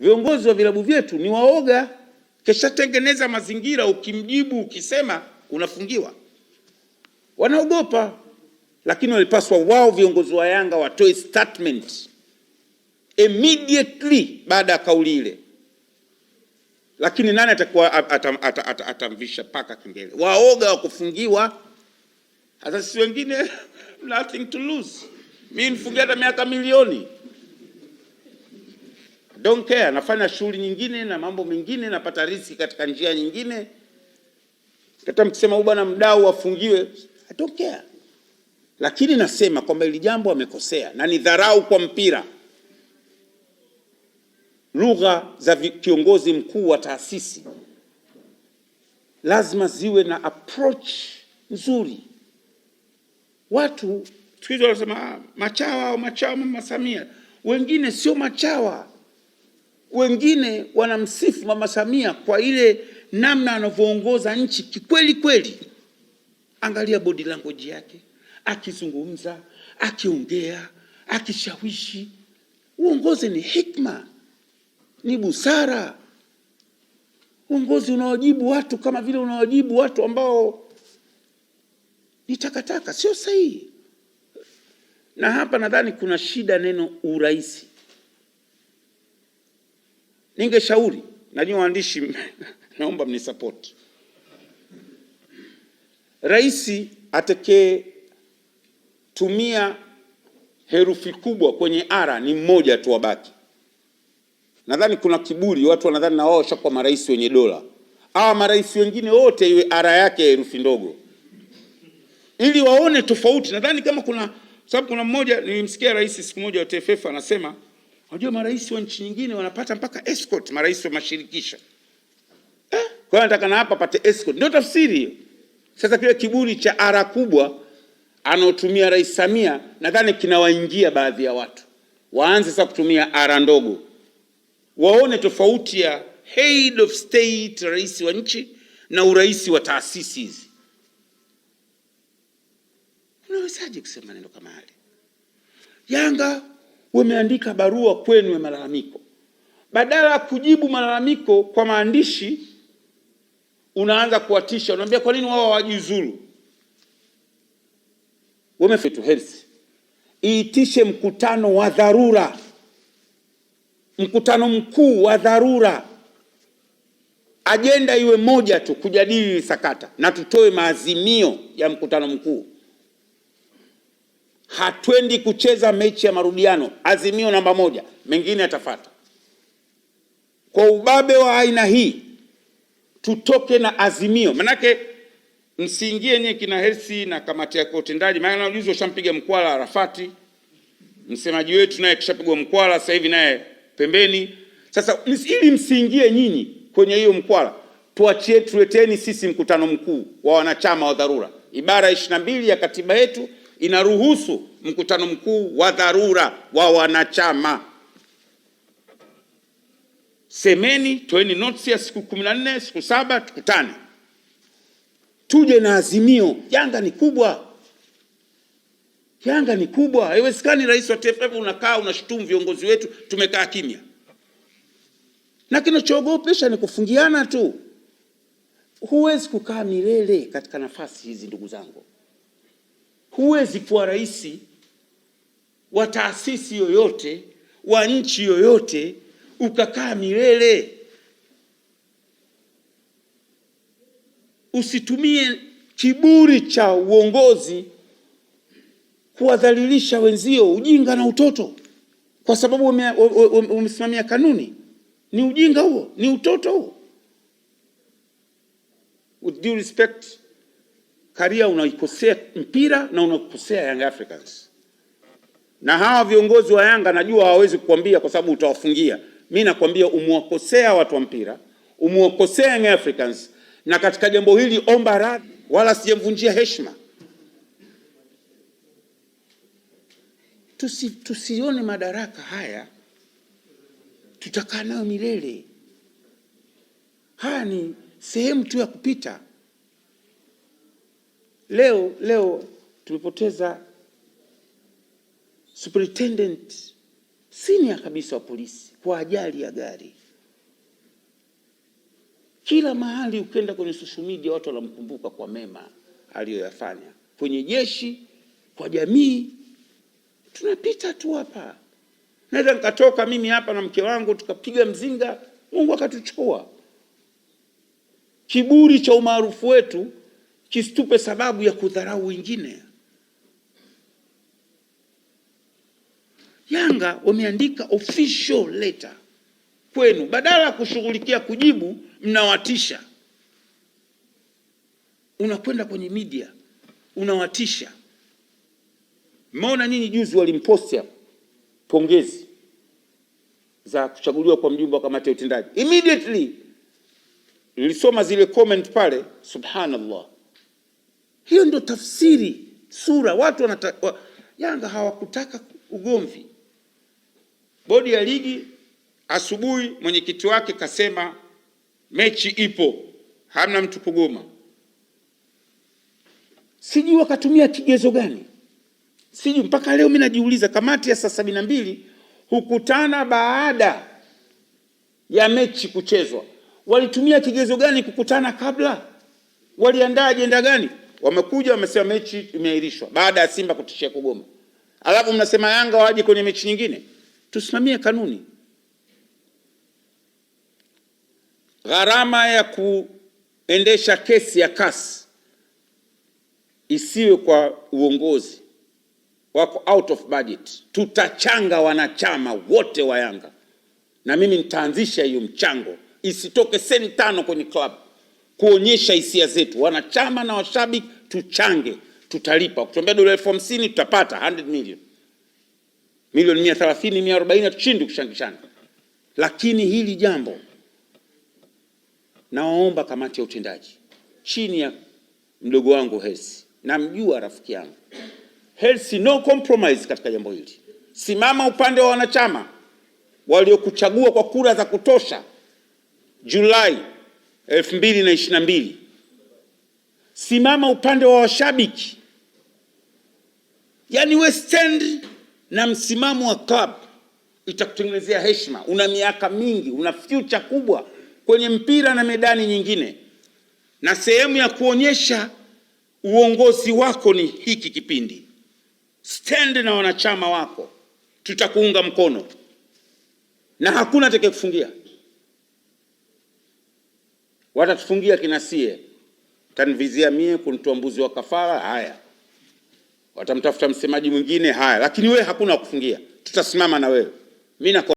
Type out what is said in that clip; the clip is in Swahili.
Viongozi wa vilabu vyetu ni waoga, kishatengeneza mazingira, ukimjibu ukisema unafungiwa, wanaogopa. Lakini walipaswa wao viongozi wa Yanga watoe statement immediately baada ya kauli ile. Lakini nani atakuwa atamvisha atam, atam, atam paka kengele? Waoga wa kufungiwa. Hata sisi wengine nothing to lose, mimi nifungia hata miaka milioni don't care, nafanya shughuli nyingine na mambo mengine, napata riziki katika njia nyingine. Hata mkisema huyu bwana mdau afungiwe, I don't care, lakini nasema kwamba hili jambo amekosea na ni dharau kwa mpira. Lugha za kiongozi mkuu wa taasisi lazima ziwe na approach nzuri. Watu siku hizi wanasema ah, machawa au machawa, mama Samia. Wengine sio machawa wengine wanamsifu Mama Samia kwa ile namna anavyoongoza nchi kikweli kweli. Angalia body language yake, akizungumza, akiongea, akishawishi. Uongozi ni hikma, ni busara, uongozi unawajibu watu kama vile unawajibu watu ambao ni takataka, sio sahihi. Na hapa nadhani kuna shida neno urahisi Ningeshauri na waandishi, naomba mnisapoti rais atekee tumia herufi kubwa kwenye ara ni mmoja tu wabaki. Nadhani kuna kiburi, watu wanadhani na wao washakuwa marais wenye dola. Hawa marais wengine wote iwe ara yake ya herufi ndogo, ili waone tofauti. Nadhani kama kuna sababu, kuna mmoja nilimsikia rais siku moja wa TFF anasema Unajua marais wa nchi nyingine wanapata mpaka escort, marais wa mashirikisho eh? Kwa hiyo nataka na hapa apate escort, ndio tafsiri hiyo. Sasa kile kiburi cha ara kubwa anaotumia Rais Samia nadhani kinawaingia baadhi ya watu, waanze sasa kutumia ara ndogo, waone tofauti ya head of state, rais wa nchi na urais wa taasisi hizi. Unawezaje kusema neno kama hili Yanga wameandika barua kwenu ya malalamiko. Badala ya kujibu malalamiko kwa maandishi, unaanza kuwatisha, unaambia kwa nini wao hawajiuzuru. Iitishe mkutano wa dharura, mkutano mkuu wa dharura, ajenda iwe moja tu, kujadili sakata na tutoe maazimio ya mkutano mkuu. Hatwendi kucheza mechi ya marudiano. Azimio namba moja, mengine yatafata Kwa ubabe wa aina hii tutoke na azimio, manake msiingie nyie kina Hersi na kamati yake utendaji, maana ujuzi washampiga mkwala Arafati, msemaji wetu naye kishapigwa mkwala, sasa hivi naye pembeni. Sasa ili msiingie nyinyi kwenye hiyo mkwala, tuachie, tuleteni sisi mkutano mkuu wa wanachama wa dharura, ibara ishirini na mbili ya katiba yetu inaruhusu mkutano mkuu wa dharura wa wanachama. Semeni, toeni notisi ya siku kumi na nne, siku saba, tukutane tuje na azimio. Janga ni kubwa, janga ni kubwa. Haiwezekani rais wa TFF unakaa unashutumu viongozi wetu, tumekaa kimya, na kinachoogopesha ni kufungiana tu. Huwezi kukaa milele katika nafasi hizi, ndugu zangu. Huwezi kuwa rais wa taasisi yoyote wa nchi yoyote ukakaa milele. Usitumie kiburi cha uongozi kuwadhalilisha wenzio, ujinga na utoto, kwa sababu umesimamia kanuni. Ni ujinga huo, ni utoto huo. With due respect Karia unaikosea mpira na unakosea Young Africans. Na hawa viongozi wa Yanga najua hawawezi kukwambia kwa sababu utawafungia. Mimi nakwambia umewakosea watu wa mpira, umewakosea Young Africans, na katika jambo hili omba radhi, wala sijemvunjia heshima. Tusi, tusione madaraka haya tutakaa nayo milele. Haya ni sehemu tu ya kupita. Leo leo tumepoteza superintendent sinia kabisa wa polisi kwa ajali ya gari. Kila mahali ukenda kwenye social media watu wanamkumbuka kwa mema aliyoyafanya kwenye jeshi, kwa jamii. Tunapita tu hapa, naweza nikatoka mimi hapa na mke wangu tukapiga mzinga, Mungu akatuchoa. Kiburi cha umaarufu wetu kisitupe sababu ya kudharau wengine. Yanga wameandika official letter kwenu, badala ya kushughulikia kujibu, mnawatisha. Unakwenda kwenye media unawatisha. Mmeona nyinyi juzi walimposti hapo pongezi za kuchaguliwa kwa mjumbe wa kamati ya utendaji, immediately nilisoma zile comment pale, subhanallah. Hiyo ndio tafsiri sura. Watu wanata, wa, Yanga hawakutaka ugomvi. Bodi ya ligi asubuhi, mwenyekiti wake kasema mechi ipo, hamna mtu kugoma. Sijui wakatumia kigezo gani, sijui mpaka leo mimi najiuliza. Kamati ya saa sabini na mbili hukutana baada ya mechi kuchezwa, walitumia kigezo gani kukutana kabla? Waliandaa ajenda gani? wamekuja wamesema mechi imeahirishwa baada ya Simba kutishia kugoma, alafu mnasema Yanga waje kwenye mechi nyingine. Tusimamie kanuni. Gharama ya kuendesha kesi ya kasi isiwe kwa uongozi wako out of budget. Tutachanga wanachama wote wa Yanga na mimi nitaanzisha hiyo mchango, isitoke senti tano kwenye klabu kuonyesha hisia zetu, wanachama na washabiki, tuchange, tutalipa. Ukituambia dola elfu hamsini tutapata 100 million milioni mia thelathini mia arobaini hatushindi kushangishana. Lakini hili jambo nawaomba kamati ya utendaji chini ya mdogo wangu Hersi, namjua rafiki yangu Hersi, no compromise katika jambo hili. Simama upande wa wanachama waliokuchagua kwa kura za kutosha Julai elfu mbili na ishirini na mbili. Simama upande wa washabiki, yaani we stand na msimamo wa club, itakutengenezea heshima. Una miaka mingi, una future kubwa kwenye mpira na medani nyingine, na sehemu ya kuonyesha uongozi wako ni hiki kipindi. Stand na wanachama wako, tutakuunga mkono na hakuna atakayekufungia watatufungia kinasie tanvizia mie kunitoa mbuzi wa kafara. Haya, watamtafuta msemaji mwingine. Haya, lakini we hakuna kufungia, tutasimama na wewe mimi na